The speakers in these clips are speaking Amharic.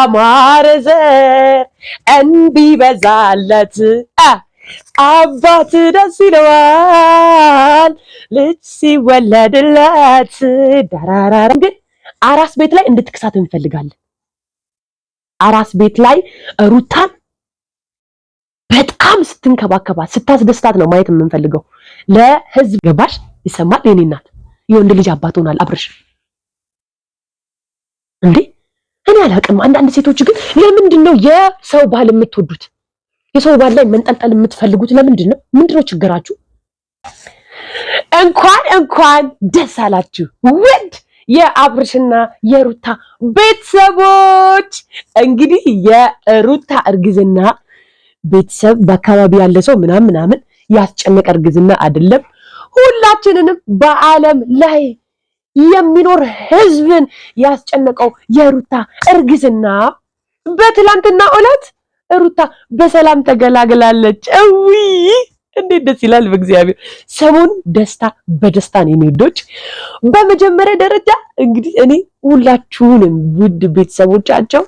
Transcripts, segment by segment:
ያማረ ዘር እንዲበዛለት አባት ደስ ይለዋል ልጅ ሲወለድለት። ዳራራራ ግን አራስ ቤት ላይ እንድትክሳት እንፈልጋለን። አራስ ቤት ላይ ሩታን በጣም ስትንከባከባት ስታስደስታት ነው ማየት የምንፈልገው። ለህዝብ ገባሽ ይሰማል። የኔ እናት የወንድ ልጅ አባት ሆናል አብርሽ እንዴ እኔ አላውቅም። አንዳንድ ሴቶች ግን ለምንድን ነው የሰው ባል የምትወዱት? የሰው ባል ላይ መንጠልጠል የምትፈልጉት ለምንድን ነው? ምንድን ነው ችግራችሁ? እንኳን እንኳን ደስ አላችሁ ውድ የአብርሽና የሩታ ቤተሰቦች። እንግዲህ የሩታ እርግዝና ቤተሰብ በአካባቢ ያለ ሰው ምናምን ምናምን ያስጨነቀ እርግዝና አይደለም። ሁላችንንም በዓለም ላይ የሚኖር ህዝብን ያስጨነቀው የሩታ እርግዝና በትላንትና ዕለት ሩታ በሰላም ተገላግላለች። እዊ እንዴት ደስ ይላል! በእግዚአብሔር ሰሞን ደስታ በደስታ ነው የሚወዶች። በመጀመሪያ ደረጃ እንግዲህ እኔ ሁላችሁንም ውድ ቤተሰቦቻቸው፣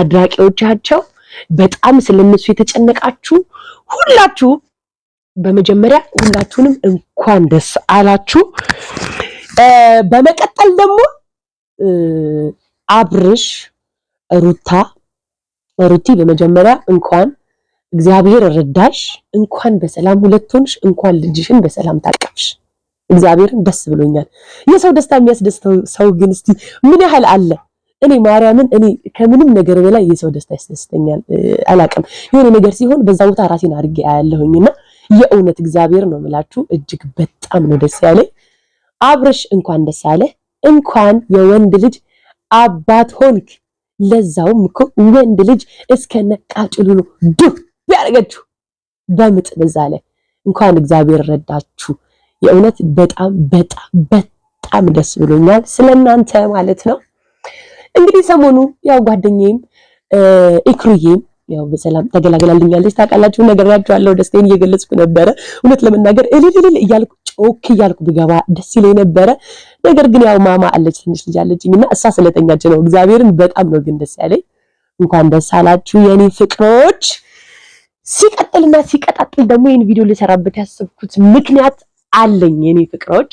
አድራቂዎቻቸው በጣም ስለነሱ የተጨነቃችሁ ሁላችሁ በመጀመሪያ ሁላችሁንም እንኳን ደስ አላችሁ። በመቀጠል ደግሞ አብርሽ ሩታ ሩቲ በመጀመሪያ እንኳን እግዚአብሔር ረዳሽ፣ እንኳን በሰላም ሁለት ሆንሽ፣ እንኳን ልጅሽን በሰላም ታቀፍሽ። እግዚአብሔርን ደስ ብሎኛል። የሰው ደስታ የሚያስደስተው ሰው ግን እስቲ ምን ያህል አለ? እኔ ማርያምን እኔ ከምንም ነገር በላይ የሰው ደስታ ያስደስተኛል። አላቅም የሆነ ነገር ሲሆን በዛ ቦታ ራሴን አድርጌ አያለሁኝና የእውነት እግዚአብሔር ነው የምላችሁ እጅግ በጣም ነው ደስ ያለኝ። አብርሽ እንኳን ደስ አለህ፣ እንኳን የወንድ ልጅ አባት ሆንክ። ለዛውም እኮ ወንድ ልጅ እስከነ ቃጭሉ ነው ዱብ በምጥ በዛ ላይ እንኳን እግዚአብሔር ረዳችሁ። የእውነት በጣም በጣም በጣም ደስ ብሎኛል ስለናንተ ማለት ነው። እንግዲህ ሰሞኑ ያው ጓደኛዬም ኢክሩዬም ያው በሰላም ተገላግላልኛለች። ታውቃላችሁ ነገራችኋለሁ፣ ደስታዬን እየገለጽኩ ነበረ። እውነት ለመናገር እልል እያልኩ ጮክ እያልኩ ብገባ ደስ ይለኝ ነበረ። ነገር ግን ያው ማማ አለች፣ ትንሽ ልጅ አለችኝ እና እሷ ስለተኛች ነው። እግዚአብሔርን በጣም ነው ግን ደስ ያለኝ። እንኳን ደስ አላችሁ የኔ ፍቅሮች። ሲቀጥልና ሲቀጣጥል ደግሞ ይህን ቪዲዮ ልሰራበት ያሰብኩት ምክንያት አለኝ የኔ ፍቅሮች።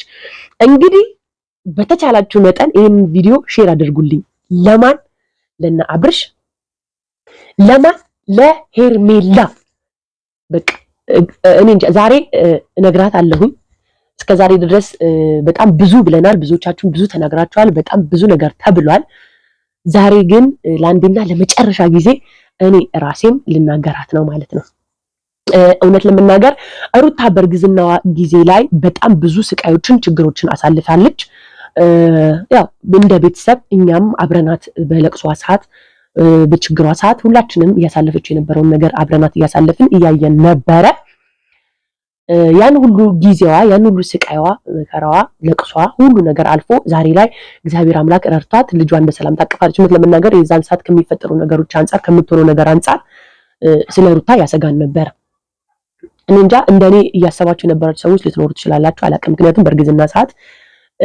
እንግዲህ በተቻላችሁ መጠን ይህን ቪዲዮ ሼር አድርጉልኝ። ለማን ለና አብርሽ ለማን ለሄርሜላ በቃ እኔ እንጃ ዛሬ ነግራት አለሁኝ እስከ ዛሬ ድረስ በጣም ብዙ ብለናል። ብዙዎቻችሁን ብዙ ተናግራችኋል። በጣም ብዙ ነገር ተብሏል። ዛሬ ግን ለአንዴና ለመጨረሻ ጊዜ እኔ ራሴም ልናገራት ነው ማለት ነው። እውነት ለመናገር ሩታ በእርግዝናዋ ጊዜ ላይ በጣም ብዙ ስቃዮችን፣ ችግሮችን አሳልፋለች። ያው እንደ ቤተሰብ እኛም አብረናት በለቅሷ ሰዓት በችግሯ ሰዓት ሁላችንም እያሳለፈችው የነበረውን ነገር አብረናት እያሳለፍን እያየን ነበረ። ያን ሁሉ ጊዜዋ፣ ያን ሁሉ ስቃይዋ፣ መከራዋ፣ ለቅሷ፣ ሁሉ ነገር አልፎ ዛሬ ላይ እግዚአብሔር አምላክ ረድቷት ልጇን በሰላም ታቅፋለች። እውነት ለመናገር የዛን ሰዓት ከሚፈጠሩ ነገሮች አንጻር፣ ከምትሆነው ነገር አንጻር ስለ ሩታ ያሰጋን ነበር። እኔ እንጃ እንደኔ እያሰባችሁ የነበራችሁ ሰዎች ልትኖሩ ትችላላችሁ፣ አላውቅም። ምክንያቱም በእርግዝና ሰዓት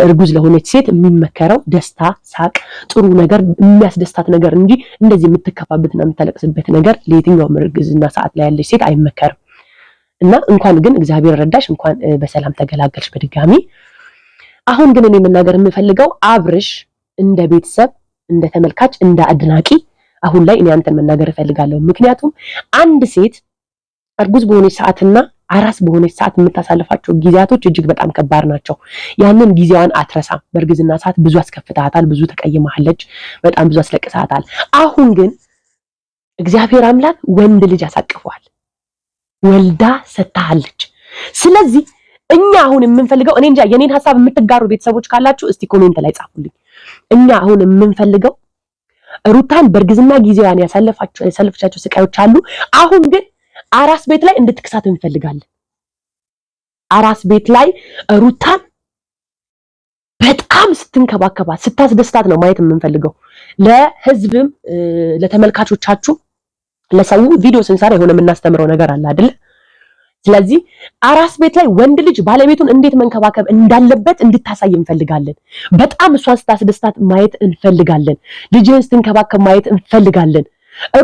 እርጉዝ ለሆነች ሴት የሚመከረው ደስታ፣ ሳቅ፣ ጥሩ ነገር የሚያስደስታት ነገር እንጂ እንደዚህ የምትከፋበትና የምታለቅስበት ነገር ለየትኛውም እርግዝና ሰዓት ላይ ያለች ሴት አይመከርም። እና እንኳን ግን እግዚአብሔር ረዳሽ፣ እንኳን በሰላም ተገላገልሽ በድጋሚ። አሁን ግን እኔ መናገር የምፈልገው አብርሽ እንደ ቤተሰብ፣ እንደ ተመልካች፣ እንደ አድናቂ አሁን ላይ እኔ አንተን መናገር እፈልጋለሁ። ምክንያቱም አንድ ሴት እርጉዝ በሆነች ሰዓትና አራስ በሆነች ሰዓት የምታሳልፋቸው ጊዜያቶች እጅግ በጣም ከባድ ናቸው። ያንን ጊዜዋን አትረሳም። በእርግዝና ሰዓት ብዙ አስከፍታታል፣ ብዙ ተቀይማለች፣ በጣም ብዙ አስለቅሳታል። አሁን ግን እግዚአብሔር አምላክ ወንድ ልጅ አሳቅፏል፣ ወልዳ ሰጥታለች። ስለዚህ እኛ አሁን የምንፈልገው እኔ እንጃ የኔን ሀሳብ የምትጋሩ ቤተሰቦች ካላችሁ እስቲ ኮሜንት ላይ ጻፉልኝ። እኛ አሁን የምንፈልገው ሩታን በእርግዝና ጊዜዋን ያሳለፋቸው ያሳለፈቻቸው ስቃዮች አሉ። አሁን ግን አራስ ቤት ላይ እንድትከሳት እንፈልጋለን። አራስ ቤት ላይ ሩታን በጣም ስትንከባከባት ስታስደስታት ነው ማየት የምንፈልገው። ለህዝብም ለተመልካቾቻችሁ ለሰው ቪዲዮ ስንሰራ የሆነ የምናስተምረው ነገር አለ አይደል? ስለዚህ አራስ ቤት ላይ ወንድ ልጅ ባለቤቱን እንዴት መንከባከብ እንዳለበት እንድታሳይ እንፈልጋለን። በጣም እሷን ስታስደስታት ማየት እንፈልጋለን። ልጅህን ስትንከባከብ ማየት እንፈልጋለን።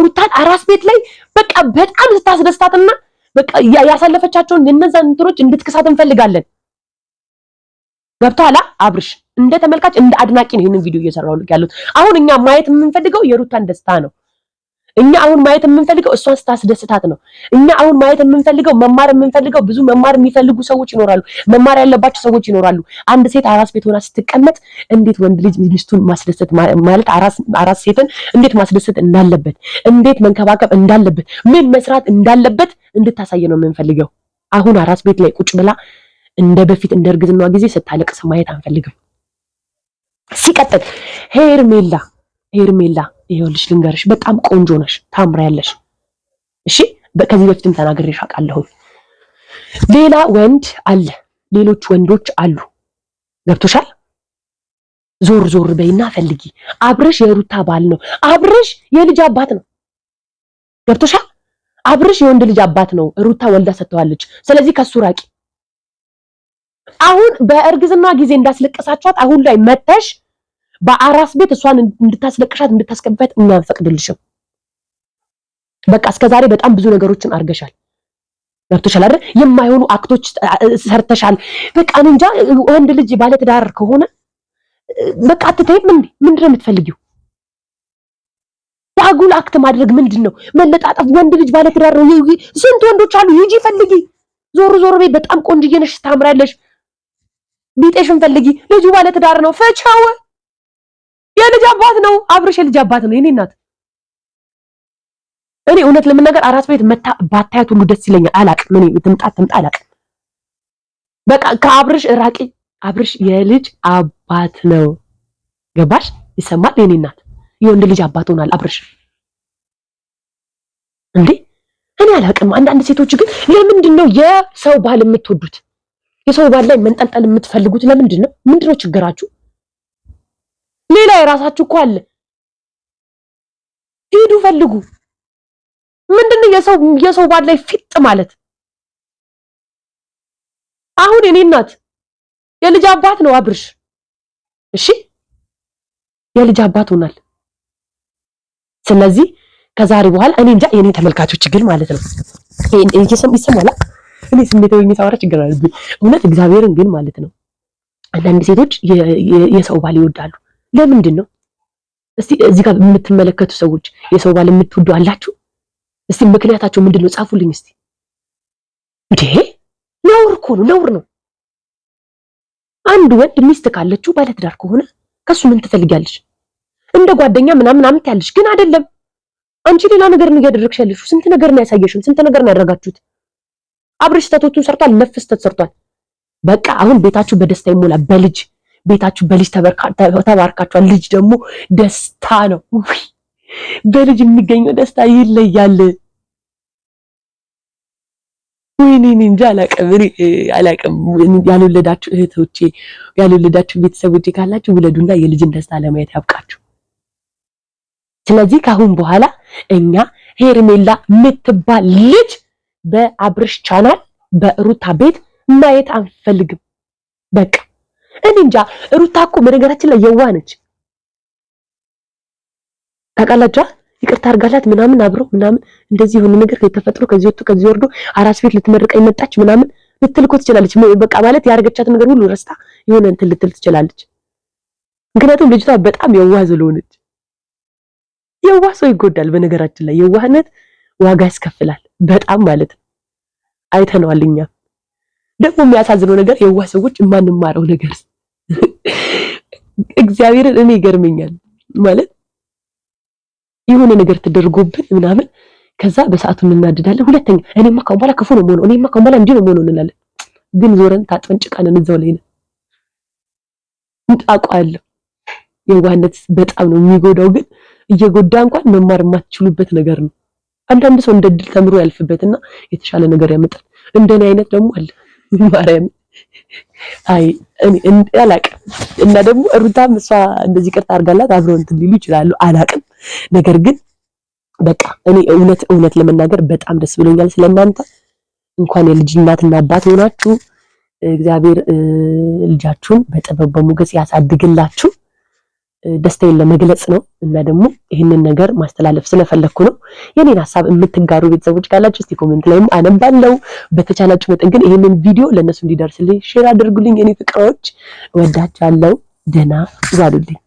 ሩታን አራስ ቤት ላይ በቃ በጣም ስታስደስታትና በቃ ያሳለፈቻቸውን የነዛን እንትኖች እንድትክሳት እንፈልጋለን። ገብቶሃል አብርሽ? እንደ ተመልካች እንደ አድናቂ ነው ይህንን ቪዲዮ እየሰራሁ ያሉት። አሁን እኛ ማየት የምንፈልገው የሩታን ደስታ ነው። እኛ አሁን ማየት የምንፈልገው እሷን ስታስደስታት ነው። እኛ አሁን ማየት የምንፈልገው መማር የምንፈልገው ብዙ መማር የሚፈልጉ ሰዎች ይኖራሉ፣ መማር ያለባቸው ሰዎች ይኖራሉ። አንድ ሴት አራስ ቤት ሆና ስትቀመጥ እንዴት ወንድ ልጅ ሚስቱን ማስደሰት ማለት አራስ ሴትን እንዴት ማስደሰት እንዳለበት፣ እንዴት መንከባከብ እንዳለበት፣ ምን መስራት እንዳለበት እንድታሳየ ነው የምንፈልገው። አሁን አራስ ቤት ላይ ቁጭ ብላ እንደ በፊት እንደ እርግዝናዋ ጊዜ ስታለቅስ ማየት አንፈልግም። ሲቀጥል ሄርሜላ ሄርሜላ ይኸውልሽ ልንገርሽ፣ በጣም ቆንጆ ነሽ፣ ታምሪያለሽ። እሺ ከዚህ በፊትም ተናግሬሽ አውቃለሁኝ። ሌላ ወንድ አለ፣ ሌሎች ወንዶች አሉ። ገብቶሻል? ዞር ዞር በይና ፈልጊ። አብርሽ የሩታ ባል ነው። አብርሽ የልጅ አባት ነው። ገብቶሻል? አብርሽ የወንድ ልጅ አባት ነው። ሩታ ወልዳ ሰጥተዋለች። ስለዚህ ከሱ ራቂ። አሁን በእርግዝና ጊዜ እንዳስለቀሳችኋት አሁን ላይ መተሽ በአራስ ቤት እሷን እንድታስለቅሻት እንድታስቀብፋት እኛ አንፈቅድልሽም። በቃ እስከዛሬ በጣም ብዙ ነገሮችን አድርገሻል። ገብቶሻል አይደል? የማይሆኑ አክቶች ሰርተሻል። በቃ እንጃ ወንድ ልጅ ባለትዳር ከሆነ በቃ አትተይም ምን ምንድን የምትፈልጊው? የአጉል አክት ማድረግ ምንድን ነው መለጣጠፍ? ወንድ ልጅ ባለትዳር ነው። ስንት ወንዶች አሉ። ሂጂ ፈልጊ። ዞሮ ዞሮ ቤት በጣም ቆንጅዬ ነሽ፣ ታምራለሽ። ቢጤሽን ፈልጊ። ልጁ ባለትዳር ነው። ፈቻው አባት ነው አብርሽ የልጅ አባት ነው የኔ እናት። እኔ እውነት ለመናገር አራስ ቤት መታ ባታያት ሁሉ ደስ ይለኛል። አላቅም እኔ ትምጣ ትምጣ አላቅም። በቃ ከአብርሽ ራቂ። አብርሽ የልጅ አባት ነው። ገባሽ? ይሰማል የኔ እናት። የወንድ ልጅ አባት ሆናል አብርሽ እንዴ። እኔ አላቅም። አንዳንድ ሴቶች ግን ለምንድን ነው የሰው ባል የምትወዱት? የሰው ባል ላይ መንጠልጠል የምትፈልጉት ለምንድን ነው? ምንድነው ችግራችሁ? ሌላ የራሳችሁ እኮ አለ። ሂዱ ፈልጉ። ምንድነው የሰው የሰው ባል ላይ ፊጥ ማለት? አሁን የኔ እናት የልጅ አባት ነው አብርሽ። እሺ የልጅ አባት ሆናል። ስለዚህ ከዛሬ በኋላ እኔ እንጃ የኔ ተመልካቾች ግን ማለት ነው ይሰማል። እኔ ስሜት ወይ ችግር አለብኝ እውነት እግዚአብሔርን ግን ማለት ነው። አንዳንድ ሴቶች የሰው ባል ይወዳሉ። ለምንድን ነው? እስቲ እዚህ ጋር የምትመለከቱ ሰዎች የሰው ባል የምትወዱ አላችሁ? እስቲ ምክንያታቸው ምንድን ነው? ጻፉልኝ እስቲ። እንዴ ነውር እኮ ነው፣ ነውር ነው። አንድ ወንድ ሚስት ካለችው ባለትዳር ከሆነ ከሱ ምን ትፈልጊያለሽ? እንደ ጓደኛ ምናምን አምት ያለሽ ግን አይደለም። አንቺ ሌላ ነገር ነው እያደረግሽ ያለሽው። ስንት ነገር ነው ያሳየሽው፣ ስንት ነገር ነው ያደረጋችሁት። አብረሽ ስህተቶቹን ሰርቷል፣ ነፍ ስህተት ሰርቷል። በቃ አሁን ቤታችሁ በደስታ ይሞላ በልጅ ቤታችሁ በልጅ ተባርካችኋል። ልጅ ደግሞ ደስታ ነው። በልጅ የሚገኘው ደስታ ይለያል። ወይኔ አላቅም፣ አላቅም። ያልወለዳችሁ እህቶቼ፣ ያልወለዳችሁ ቤተሰቦቼ ካላችሁ ውለዱና የልጅን ደስታ ለማየት ያብቃችሁ። ስለዚህ ከአሁን በኋላ እኛ ሄርሜላ የምትባል ልጅ በአብርሽ ቻናል በሩታ ቤት ማየት አንፈልግም። በቃ እኔ እንጃ። ሩታ እኮ በነገራችን ላይ የዋ ነች ታውቃላችሁ። ይቅርታ አድርጋላት ምናምን አብሮ ምናምን እንደዚህ የሆነ ነገር ከተፈጥሮ ከዚህ ወጥቶ ከዚህ ወርዶ አራስ ቤት ልትመርቀኝ መጣች ምናምን ልትል እኮ ትችላለች። በቃ ማለት ያደረገቻትን ነገር ሁሉ ረስታ የሆነ እንትን ልትል ትችላለች። ምክንያቱም ልጅቷ በጣም የዋህ ስለሆነች የዋህ ሰው ይጎዳል። በነገራችን ላይ የዋህነት ዋጋ ያስከፍላል በጣም ማለት ነው። አይተነዋል ደግሞ የሚያሳዝነው ነገር የዋህ ሰዎች የማንማረው ነገር እግዚአብሔርን እኔ ይገርመኛል ማለት የሆነ ነገር ተደርጎብን ምናምን ከዛ በሰዓቱ እንናደዳለን። ሁለተኛ እኔማ ካሁን በኋላ ክፉ ነው የምሆነው፣ እኔማ ካሁን በኋላ እንዲህ ነው የምሆነው እንላለን። ግን ዞረን ታጥበን ጭቃ ነን፣ እዛው ላይ ነን። እንጣቋለሁ። የዋህነት በጣም ነው የሚጎዳው፣ ግን እየጎዳ እንኳን መማር የማትችሉበት ነገር ነው። አንዳንድ ሰው እንደ ድል ተምሮ ያልፍበትና የተሻለ ነገር ያመጣል። እንደኔ አይነት ደግሞ አለ ማርያም አይ እኔ አላቅም። እና ደግሞ ሩታም እሷ እንደዚህ ቅርታ አድርጋላት አብረው እንትን ሊሉ ይችላሉ፣ አላቅም። ነገር ግን በቃ እኔ እውነት እውነት ለመናገር በጣም ደስ ብሎኛል ስለእናንተ። እንኳን የልጅ እናትና አባት ሆናችሁ እግዚአብሔር ልጃችሁን በጥበብ በሞገስ ያሳድግላችሁ። ደስታዬን ለመግለጽ ነው እና ደግሞ ይህንን ነገር ማስተላለፍ ስለፈለግኩ ነው። የኔን ሀሳብ የምትጋሩ ቤተሰቦች ካላችሁ እስቲ ኮሜንት ላይም አነባለው። በተቻላችሁ መጠን ግን ይህንን ቪዲዮ ለእነሱ እንዲደርስልኝ ሼር አድርጉልኝ። የኔ ፍቅሮች እወዳችኋለሁ። ደህና ዋሉልኝ።